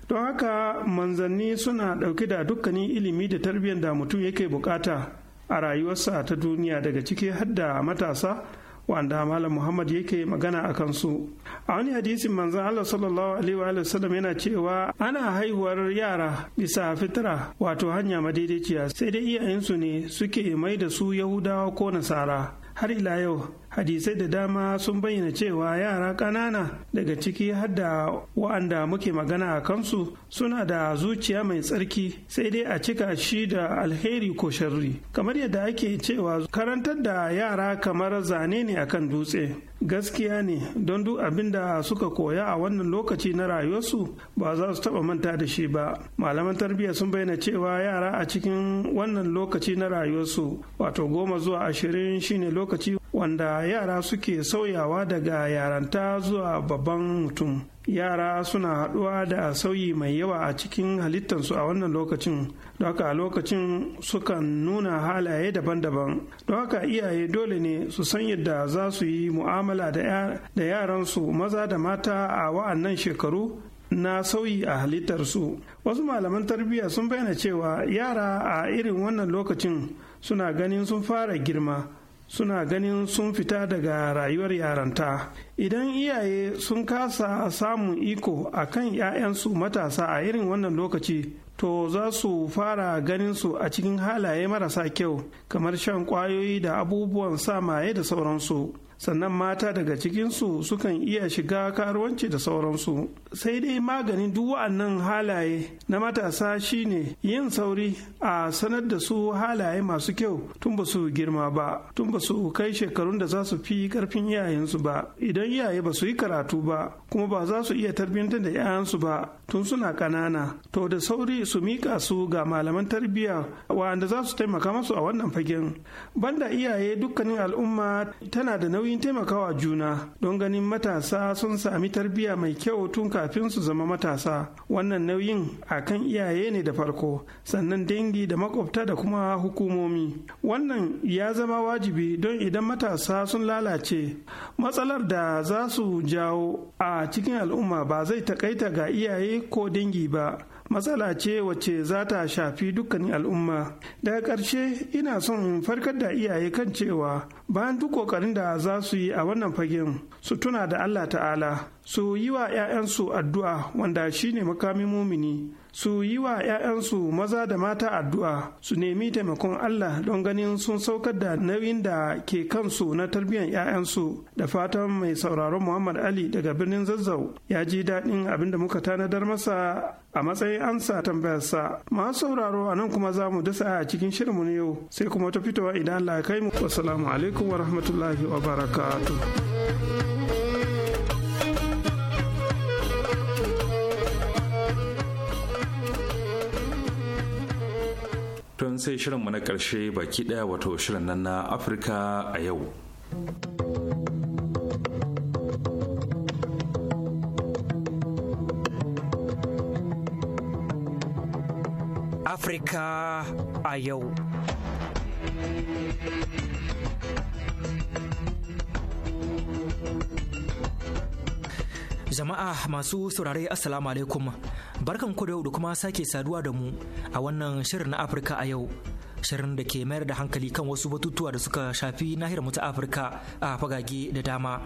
don haka manzanni suna ɗauke da dukkanin ilimi da tarbiyyar da mutum yake bukata a rayuwarsa ta duniya daga ciki har da matasa wanda malam muhammad yake magana a kansu a wani hadisin manzan allah sallallahu alaihi wa sallam yana cewa ana haihuwar yara bisa fitra wato hanya madaidaiciya sai dai iyayensu ne suke mai da su yahudawa ko nasara har ila yau hadisai da dama sun bayyana cewa yara ƙanana daga ciki har da wa'anda muke magana a kansu suna da zuciya mai tsarki sai dai a cika shi da alheri ko sharri kamar yadda ake cewa karantar da yara kamar zane ne akan dutse gaskiya ne don duk abin da suka koya a wannan lokaci na rayuwarsu ba za su taba manta da shi ba malaman tarbiyya sun bayyana cewa yara a cikin wannan lokaci na rayuwarsu wato goma zuwa ashirin shine lokaci wanda yara suke sauyawa daga yaranta zuwa babban mutum yara suna haɗuwa da sauyi mai yawa a cikin halittarsu a wannan lokacin don haka a lokacin sukan nuna halaye daban-daban don haka iyaye dole ne su san yadda za su yi mu'amala da yaransu maza da mata a wa'annan shekaru na sauyi a halittarsu wasu malaman tarbiyya sun bayyana cewa yara a irin wannan lokacin suna ganin sun fara girma suna ganin sun fita daga rayuwar yaranta idan iyaye sun kasa samun iko a kan 'ya'yansu matasa a irin wannan lokaci to za su fara ganin su a cikin halaye marasa kyau kamar shan kwayoyi da abubuwan sa maye da sauransu sannan mata daga cikinsu sukan iya shiga karuwanci da sauransu sai dai maganin duk wa'annan halaye na matasa shine yin sauri a sanar da su halaye masu kyau tun ba su girma ba tun ba su kai shekarun da za su fi karfin iyayensu ba idan iyaye ba su yi karatu ba kuma ba za su iya tarbiyyantar da 'ya'yansu ba tun suna ƙanana to da sauri su mika su ga malaman tarbiyya wanda za su taimaka masu a wannan fagen banda iyaye dukkanin al'umma tana da nauyin taimakawa juna don ganin matasa sun sami tarbiyya mai kyau tun kafin su zama matasa wannan nauyin akan iyaye ne da farko sannan dangi da makwabta da kuma hukumomi wannan ya zama wajibi don idan matasa sun lalace matsalar da za su jawo a cikin al'umma ba zai takaita ga iyaye ko dangi ba matsala ce wacce za ta shafi dukkanin al'umma daga ƙarshe ina son farkar da iyaye kan cewa bayan duk kokarin da za su yi a wannan fagen su tuna da Allah ta'ala su yi wa 'ya'yansu addu'a wanda shi ne makamin mumini su yi wa 'ya'yansu maza da mata addu'a su nemi taimakon Allah don ganin sun saukar da nauyin da ke kansu na tarbiyyar 'ya'yansu da fatan mai sauraron Muhammad Ali daga birnin Zazzau ya ji daɗin abin da muka tanadar masa a matsayin amsa tambayarsa masu sauraro a nan kuma za mu dasa a cikin shirinmu na yau sai kuma ta fitowa idan Allah ya kai mu alaikum wa rahmatullahi wa barakatuh tun sai shirinmu na ƙarshe baki ɗaya wato shirin nan na afirka a yau afirka a yau Jama'a masu saurare Assalamu alaikum barkan ku da yau da kuma sake saduwa da mu a wannan shirin na Afirka a yau. Shirin da ke mayar da hankali kan wasu batutuwa da suka shafi nahiyar mu ta Afirka a fagage da dama.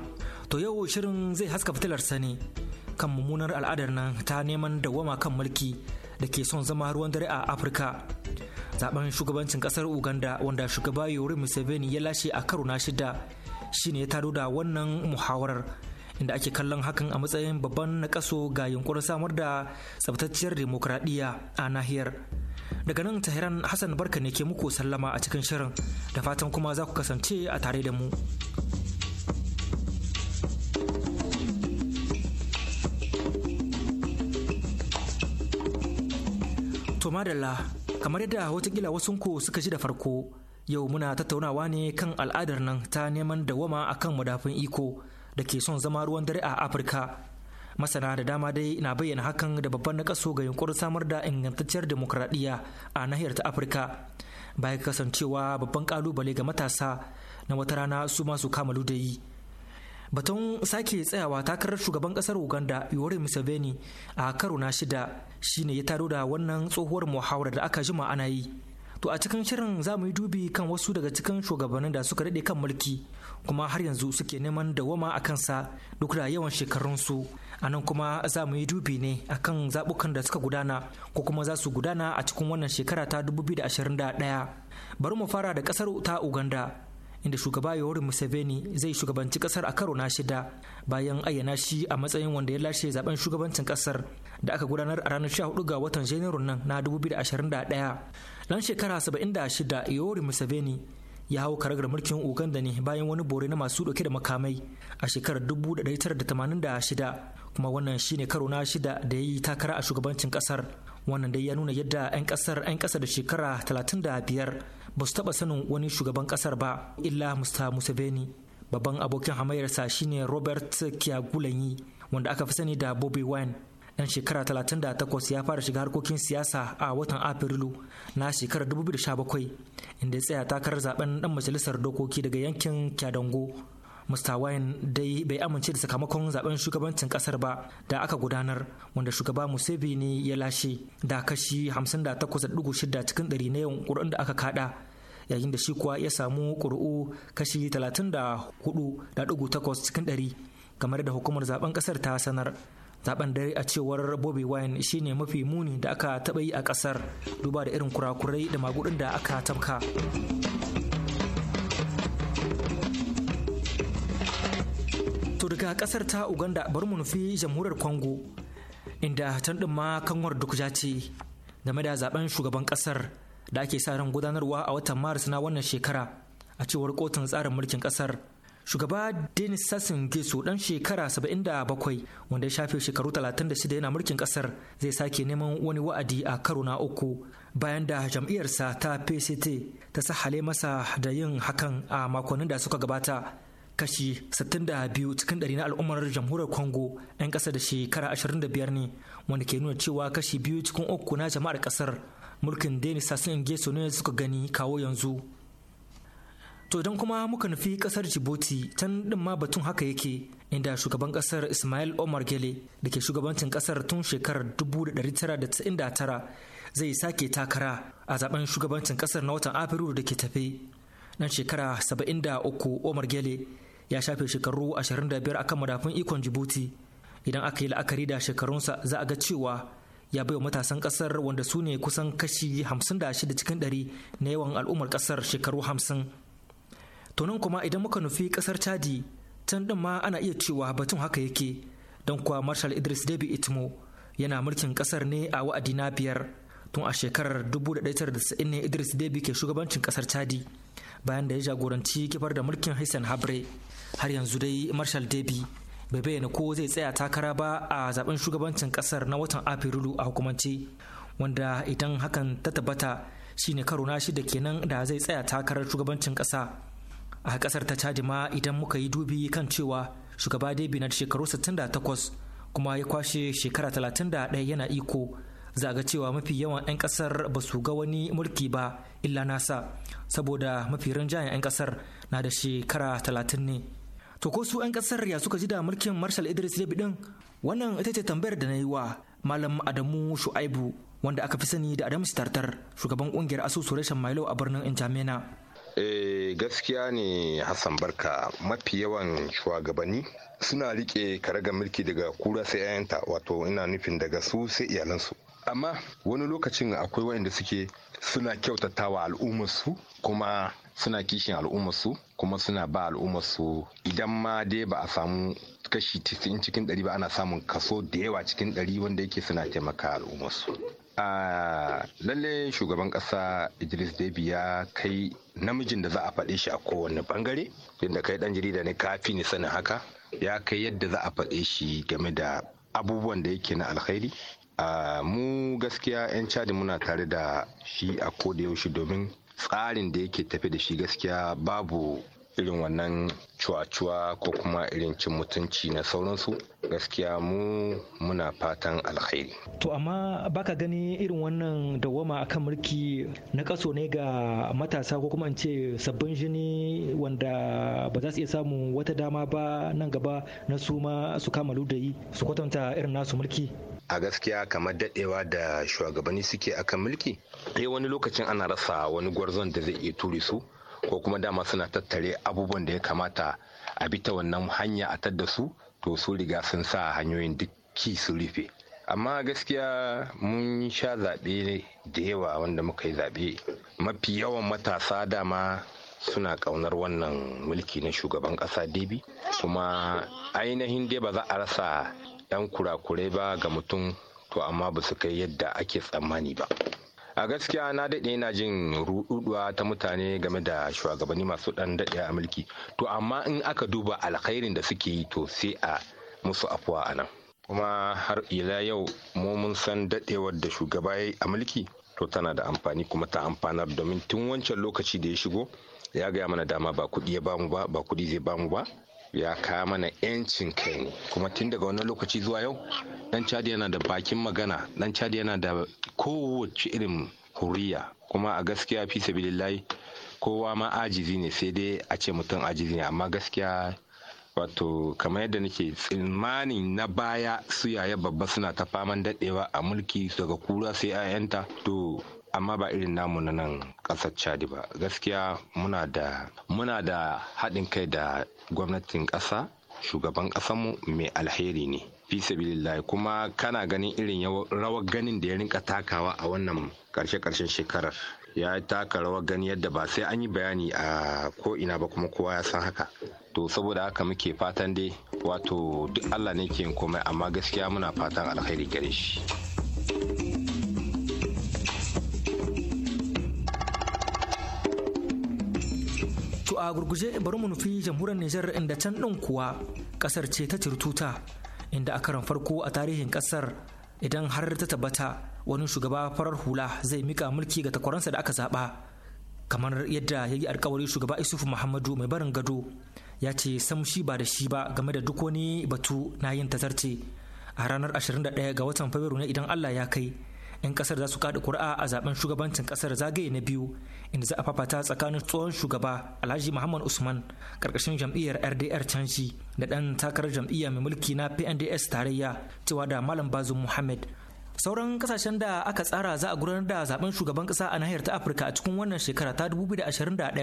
To yau shirin zai haska fitilar sani. kan mummunar al'adar nan ta neman dawwama kan mulki da ke son zama ruwan dare a Afirka. Zaben shugabancin kasar Uganda wanda shugaba Yoweri Museveni ya lashe a karo na shida shine ya taro da wannan muhawarar inda ake kallon hakan a matsayin babban nakaso ga yunkurin samar da tsabtacciyar demokradiyya a nahiyar daga nan tahiran hassan barka ne ke muku sallama a cikin shirin da fatan kuma za ku kasance a tare da mu to madalla kamar yadda watakila ku suka ji da farko yau muna tattaunawa ne kan al'adar nan ta neman dawama akan madafin iko da ke son zama ruwan dare a afirka masana da dama dai na bayyana hakan da babban nakaso ga yunkurin samar da ingantacciyar demokradiyya a nahiyar ta afirka baya kasancewa babban kalubale ga matasa na wata rana su masu kama ludayi batun sake tsayawa takarar shugaban kasar uganda yori museveni a karo na shida shine ya taro da wannan tsohuwar muhawarar da aka jima ana yi to a cikin shirin za mu yi dubi kan wasu daga cikin shugabannin da suka daɗe kan mulki kuma har yanzu suke neman dawama a kansa duk da yawan shekarunsu a nan kuma za mu yi dubi ne akan zabukan da suka gudana ko kuma za su gudana a cikin wannan shekara ta 2021 bari mu fara da kasar ta uganda inda shugaba yoweri museveni zai shugabanci kasar a karo na shida bayan ayyana shi a matsayin wanda ya lashe zaben shugabancin kasar da aka gudanar a ranar 14 ga watan janairun nan na 2021 dan shekara 76 yoweri museveni ya hau karagar mulkin Uganda ne bayan wani bore na masu dauke da makamai a shekarar 1986 kuma wannan shine karo na shida da ya yi takara a shugabancin kasar wannan dai ya nuna yadda 'yan kasar 'yan kasa da shekara 35 ba su taba sanin wani shugaban kasar ba illa musta museveni babban abokin hamayyarsa shine robert kyagulanyi wanda aka fi sani da bobby wine dan shekara 38 ya fara shiga harkokin siyasa a watan afrilu na shekarar 2017 inda ya tsaya takarar zaben dan majalisar dokoki daga yankin kyadango Mr. dai bai amince da sakamakon zaben shugabancin kasar ba da aka gudanar wanda shugaba ne ya lashe da kashi 58.6 cikin dari na yawan ƙuri'un da aka kada yayin da shi kuwa ya samu ƙuri'u kashi 34.8 cikin dari kamar da hukumar zaben kasar ta sanar zaben dare a cewar Bobby Wine shine mafi muni da aka taba yi a kasar duba da irin kurakurai da magudin da aka tafka. To daga kasar ta Uganda bari mu nufi jamhuriyar Congo inda can din ma kanwar dukja ce game da zaben shugaban kasar da ake sa ran gudanarwa a watan Maris na wannan shekara a cewar kotun tsarin mulkin kasar. shugaba denis sassin gesu dan shekara 77 wanda ya shafe shekaru 36 yana mulkin kasar zai sake neman wani wa'adi a karo na uku bayan da jam'iyyarsa ta pct ta sahale masa da yin hakan a makonnin da suka gabata kashi 62 cikin ɗari na al'ummar jamhuriyar congo 'yan kasa da shekara 25 ne wanda ke nuna cewa kashi biyu cikin uku na jama'ar kasar mulkin denis sassin gesu ne suka gani kawo yanzu To idan kuma muka nufi kasar Djibouti can din ma batun haka yake inda shugaban kasar Ismail Omar Gele da ke shugabancin kasar tun shekarar 1999 zai sake takara a zaben shugabancin kasar na watan Afrilu da ke tafe. Nan shekara 73 Omar Gele ya shafe shekaru 25 akan madafun ikon Djibouti. Idan aka yi la'akari da shekarunsa za a ga cewa ya baiwa matasan kasar wanda su ne kusan kashi 56 cikin 100 na yawan al'ummar kasar shekaru 50. to nan kuma idan muka nufi kasar chadi can din ma ana iya cewa batun haka yake don kuwa marshal idris debi itmo yana mulkin kasar ne a wa'adi na biyar tun a shekarar 1990 ne idris debi ke shugabancin kasar chadi bayan da ya jagoranci kifar da mulkin Hassan Habre har yanzu dai Marshal Debi bai bayyana ko zai tsaya takara ba a zaben shugabancin kasar na watan Afrilu a hukumance wanda idan hakan ta tabbata shine karo na shida kenan da zai tsaya takarar shugabancin kasa a kasar ta caji ma idan muka yi dubi kan cewa shugaba debi na shekaru 68 kuma ya kwashe shekara 31 yana iko za ga cewa mafi yawan 'yan kasar ba su ga wani mulki ba illa nasa saboda mafi rinjayen 'yan kasar na da shekara 30 ne to ko su 'yan kasar ya suka ji da mulkin marshal idris lebi din wannan ita ce tambayar da na yi wa malam adamu shu'aibu wanda aka fi sani da adamu tartar shugaban kungiyar asusu rashin milo a birnin injamena Eh gaskiya ne Hassan Barka mafi yawan shugabanni suna rike karagar mulki daga kura sai 'ya'yanta wato ina nufin daga su sai iyalansu. Amma wani lokacin akwai waɗanda suke suna kyautatawa al'ummarsu kuma suna kishin al'ummarsu kuma suna ba al'ummarsu idan ma dai ba a samu kashi 90 cikin 100 ba ana samun kaso da yawa cikin 100 wanda yake suna taimaka al'ummarsu a lalle shugaban kasa idris debi ya kai namijin da za a faɗe shi a kowane bangare yadda kai dan jarida ne kafi ni sanin haka ya kai yadda za a faɗe shi game da abubuwan da yake na alkhairi mu gaskiya 'yan cadi muna tare da shi a koda yaushe domin tsarin da yake tafi da shi gaskiya babu irin wannan cuwa-cuwa ko kuma irin cin mutunci na sauransu gaskiya mu muna fatan alkhairi. To amma baka gani irin wannan dawama kan mulki na kaso ne ga matasa ko kuma in ce sabbin jini wanda ba za su iya samu wata dama ba nan gaba na su ma su kama ludayi su kwatanta irin nasu mulki. a gaskiya kamar dadewa da shugabanni suke akan mulki sai eh, wani lokacin ana rasa wani gwarzon da zai iya ture su ko kuma dama suna tattare abubuwan da ya kamata a bi ta wannan hanya a tadda su to su riga sun sa hanyoyin duk su rufe amma gaskiya mun sha zaɓe da yawa wanda muka yi zaɓe mafi yawan matasa dama suna ƙaunar wannan mulki na shugaban ƙasa debi kuma ainihin dai ba za a rasa 'yan kurakurai ba ga mutum to amma ba su kai yadda ake tsammani ba a gaskiya na daɗe ina jin ruɗuɗuwa ta mutane game da shugabanni masu ɗan daɗe a mulki to amma in aka duba alkhairin da suke yi to sai a musu afuwa a nan kuma har ila yau mu mun san daɗewar da shugaba ya a mulki to tana da amfani kuma ta amfanar domin tun wancan lokaci da ya shigo ya gaya mana dama ba kuɗi ya bamu ba ba kuɗi zai bamu ba ya kawo mana 'yancin kai ne kuma tun daga wani lokaci zuwa yau dan chad yana da bakin magana dan chad yana da kowace irin huriya kuma a gaskiya fi sabilillahi kowa ma ajizi ne sai dai a ce mutum ajizi ne amma gaskiya wato kamar yadda nake tsimani na baya su yaya babba suna ta faman dadewa a mulki daga kura sai 'ya'yanta to amma ba irin namu na nan ƙasar chadi ba gaskiya muna da muna da haɗin kai da gwamnatin ƙasa shugaban ƙasanmu mai alheri ne fi kuma kana ganin irin rawar ganin da ya rinka takawa a wannan karshe-karshen shekarar ya taka rawar gani yadda ba sai an yi bayani a ko ba kuma kowa ya san haka to saboda haka muke fatan dai wato duk allah ne ke yin komai amma gaskiya muna fatan alheri gare shi a gurguje bari mu nufi jamhuriyar Nijar inda can ɗin kuwa ƙasar ce ta cirtuta inda a karan farko a tarihin ƙasar idan har ta tabbata wani shugaba farar hula zai mika mulki ga takwaransa da aka zaɓa kamar yadda ya yi alkawari shugaba isufu muhammadu mai barin gado ya ce sam shi ba da shi ba game da duk wani batu na yin tazarce a ranar 21 ga watan fabrairu ne idan allah ya kai 'yan kasar za su kada kuri'a a zaben shugabancin kasar zagaye na biyu inda za a fafata tsakanin tsohon shugaba alhaji muhammad usman karkashin jam'iyyar rdr canji da ɗan takarar jam'iyya mai mulki na pnds tarayya cewa da malam bazu muhammad sauran kasashen da aka tsara za a gudanar da zaben shugaban kasa a nahiyar ta afirka a cikin wannan shekara ta 2021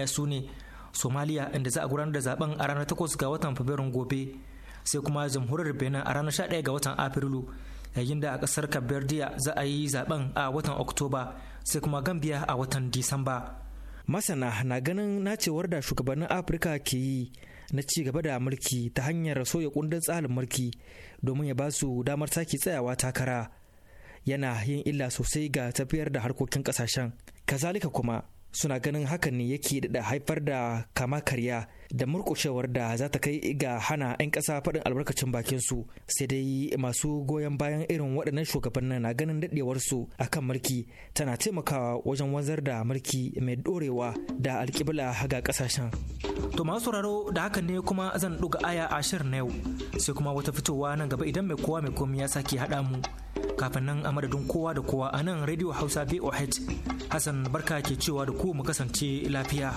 su ne somaliya inda za a gudanar da zaben a ranar 8 ga watan fabrairun gobe sai kuma jamhuriyar benin a ranar 11 ga watan afrilu yayin da a kasar Kabirdiya za a yi zaben a watan Oktoba sai kuma Gambia a watan Disamba. Masana na ganin nacewar da shugabannin Afirka ke yi na ci gaba da mulki ta hanyar soya kundin tsarin mulki domin ya ba su damar sake tsayawa takara yana yin illa sosai ga tafiyar da harkokin kasashen. Kazalika kuma suna ganin hakan ne yake da haifar da kama karya da murkushewar da za ta kai ga hana 'yan ƙasa faɗin albarkacin bakin su sai dai masu goyon bayan irin waɗannan shugabannin na ganin daɗewar su akan mulki tana taimakawa wajen wanzar da mulki mai ɗorewa da alƙibla ga ƙasashen. To masu sauraro da hakan ne kuma zan ɗuga aya ashirin na yau sai kuma wata fitowa nan gaba idan mai kowa mai komi ya sake haɗa mu kafin nan a madadin kowa da kowa a nan radio hausa voh hassan barka ke cewa da ku mu kasance lafiya.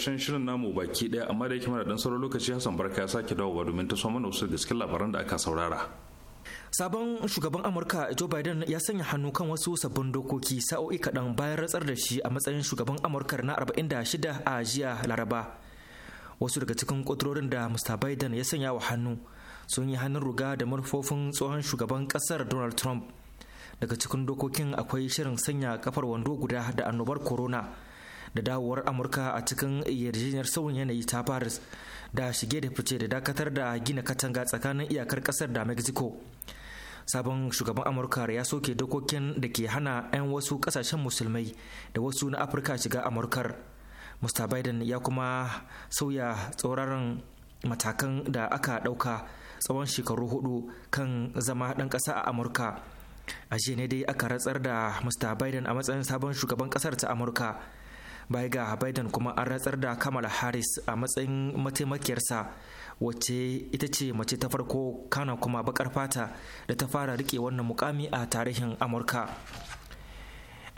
karshen shirin namu baki daya amma da yake mana dan sauran lokaci Hassan Barka ya sake dawowa domin ta so mana wasu gaskiyar labaran da aka saurara. Sabon shugaban Amurka Joe Biden ya sanya hannu kan wasu sabbin dokoki sa'o'i kaɗan bayan ratsar da shi a matsayin shugaban Amurka na 46 a jiya Laraba. Wasu daga cikin ƙudurorin da Mr. Biden ya sanya wa hannu sun yi hannun ruga da manufofin tsohon shugaban ƙasar Donald Trump. Daga cikin dokokin akwai shirin sanya kafar wando guda da annobar corona. da dawowar amurka a cikin yarjejeniyar sauyin yanayi ta paris da shige da fice da dakatar da gina katanga tsakanin iyakar kasar da mexico sabon shugaban amurka ya soke dokokin da ke hana 'yan wasu kasashen musulmai da wasu na afirka shiga amurkar mr biden ya kuma sauya tsauraran matakan da aka dauka tsawon shekaru hudu kan zama ɗan ƙasa a amurka a ne dai aka ratsar da mr biden a matsayin sabon shugaban ƙasar ta amurka baya ga biden kuma an ratsar da kamala harris a matsayin mataimakiyarsa wacce ita ce mace ta farko kana kuma bakar fata da ta fara rike wannan mukami a tarihin amurka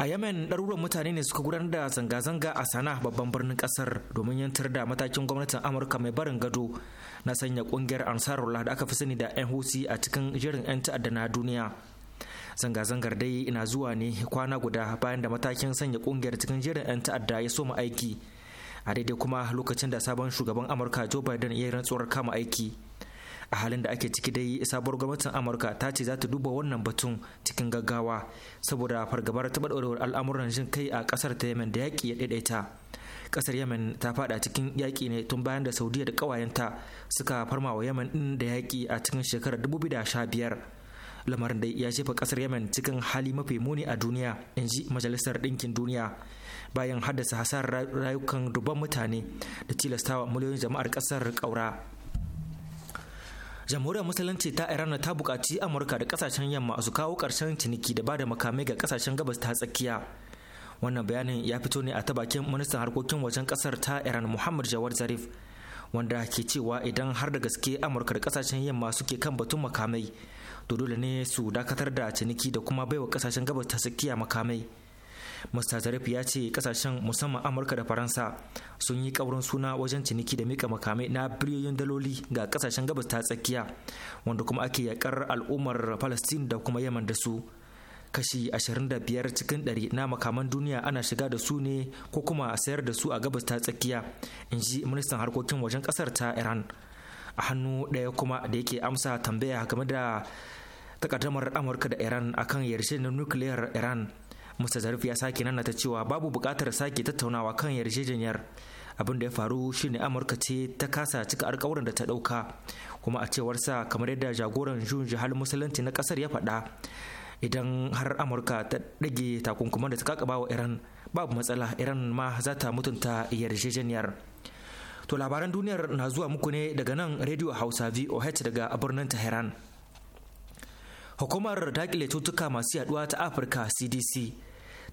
a yemen ɗaruruwan mutane ne suka gudanar da zanga-zanga a sana babban birnin ƙasar domin yantar da matakin gwamnatin amurka mai barin gado na sanya ƙungiyar ansarullah da aka fi sani da nhc a cikin jirin 'yan ta'adda na duniya zanga-zangar dai na zuwa ne kwana guda bayan da matakin sanya kungiyar cikin jerin 'yan ta'adda ya soma aiki a daidai kuma lokacin da sabon shugaban amurka joe biden ya yi rantsuwar kama aiki a halin da ake ciki dai sabuwar gwamnatin amurka ta ce za ta duba wannan batun cikin gaggawa saboda fargabar taɓarɓarewar al'amuran jin kai a kasar ta yemen da yaƙi ya daidaita ƙasar yemen ta faɗa cikin yaƙi ne tun bayan da saudiya da ƙawayenta suka farma wa yemen din da yaƙi a cikin shekarar biyar. lamarin da ya jefa kasar yemen cikin hali mafi muni a duniya in ji majalisar ɗinkin duniya bayan haddasa hasar rayukan dubban mutane da tilastawa miliyoyin jama'ar kasar ƙaura jamhuriyar musulunci ta iran ta buƙaci amurka da kasashen yamma su kawo ƙarshen ciniki da bada makamai ga kasashen gabas ta tsakiya wannan bayanin ya fito ne a ta bakin ministan harkokin wajen kasar ta iran muhammad jawad zarif wanda ke cewa idan har da gaske amurka da kasashen yamma suke kan batun makamai to dole ne su dakatar da ciniki da kuma baiwa kasashen gabas ta tsakiya makamai mr zarif ya ce kasashen musamman amurka da faransa sun yi kaurin suna wajen ciniki da mika makamai na biliyoyin daloli ga kasashen gabas ta tsakiya wanda kuma ake yakar al'ummar palestine da kuma Yemen da su kashi biyar cikin 100 na makaman duniya ana shiga da su ne ko kuma sayar da su a gabas ta tsakiya in ji ministan harkokin wajen kasar ta iran a hannu ɗaya kuma da yake amsa tambaya game da takardamar amurka da iran akan yarjejeniyar nukiliyar iran musa zarif ya sake nanata ta cewa babu buƙatar sake tattaunawa kan yarjejeniyar abin da ya faru shine amurka ce ta kasa cika alkawuran da ta ɗauka kuma a cewarsa kamar yadda jagoran jun jihal musulunci na ƙasar ya faɗa idan har amurka ta ɗage takunkuman da ta kakaba wa iran babu matsala iran ma za ta mutunta yarjejeniyar To labaran duniyar na zuwa muku ne daga nan Radio Hausa VOH daga birnin Tehran. Hukumar dakile cutuka masu yaduwa ta Afirka CDC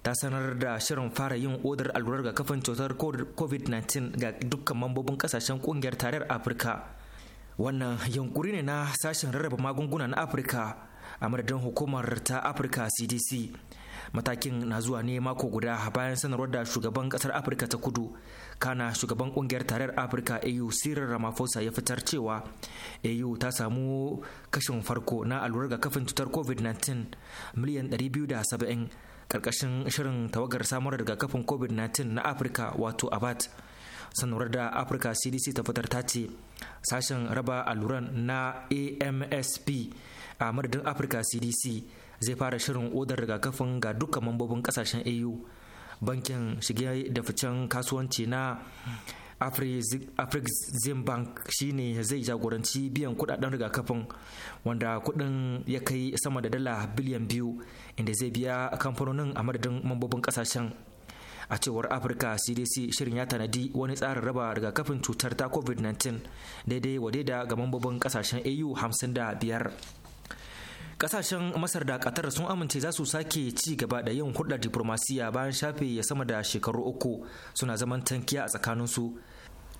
ta sanar da shirin fara yin odar allurar ga kafin cutar COVID-19 ga dukkan mambobin kasashen kungiyar tarayyar Afirka. Wannan yankuri ne na sashen rarraba magunguna na Afirka a madadin hukumar ta Afirka CDC. Matakin na zuwa ne mako guda bayan sanarwar da shugaban kasar Afirka ta kudu kana shugaban kungiyar tarayyar afirka au sirrin ramaphosa ya fitar cewa au ta samu kashin farko na allurar kafin cutar covid-19 miliyan 270 karkashin shirin tawagar samar da kafin covid-19 na afirka wato abat sanarwar da afirka cdc ta fitar ta ce sashen raba alluran na amsp a madadin afirka cdc zai fara shirin odar rigakafin ga dukkan mambobin kasashen au bankin shige da ficen kasuwanci na afrexim bank shine zai jagoranci biyan kudaden rigakafin wanda kudin ya kai sama da dala biliyan biyu inda zai biya kamfanonin a madadin mambobin kasashen a cewar afirka cdc shirin ya tanadi wani tsarin raba rigakafin cutar ta covid-19 daidai wadai da ga mambobin kasashen au 55 kasashen masar da katar sun amince za su sake ci gaba da yin hulɗar diplomasiya bayan shafe ya sama da shekaru uku suna zaman tankiya a tsakanin su.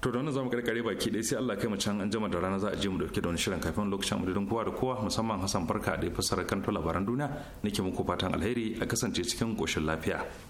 to da wannan zamu karkare baki dai sai Allah kai mu can an jima da rana za a je mu dauke da wani shirin kafin lokacin mu don kowa da kowa musamman Hassan Barka da ya fassara to labaran duniya nake muku fatan alheri a kasance cikin koshin lafiya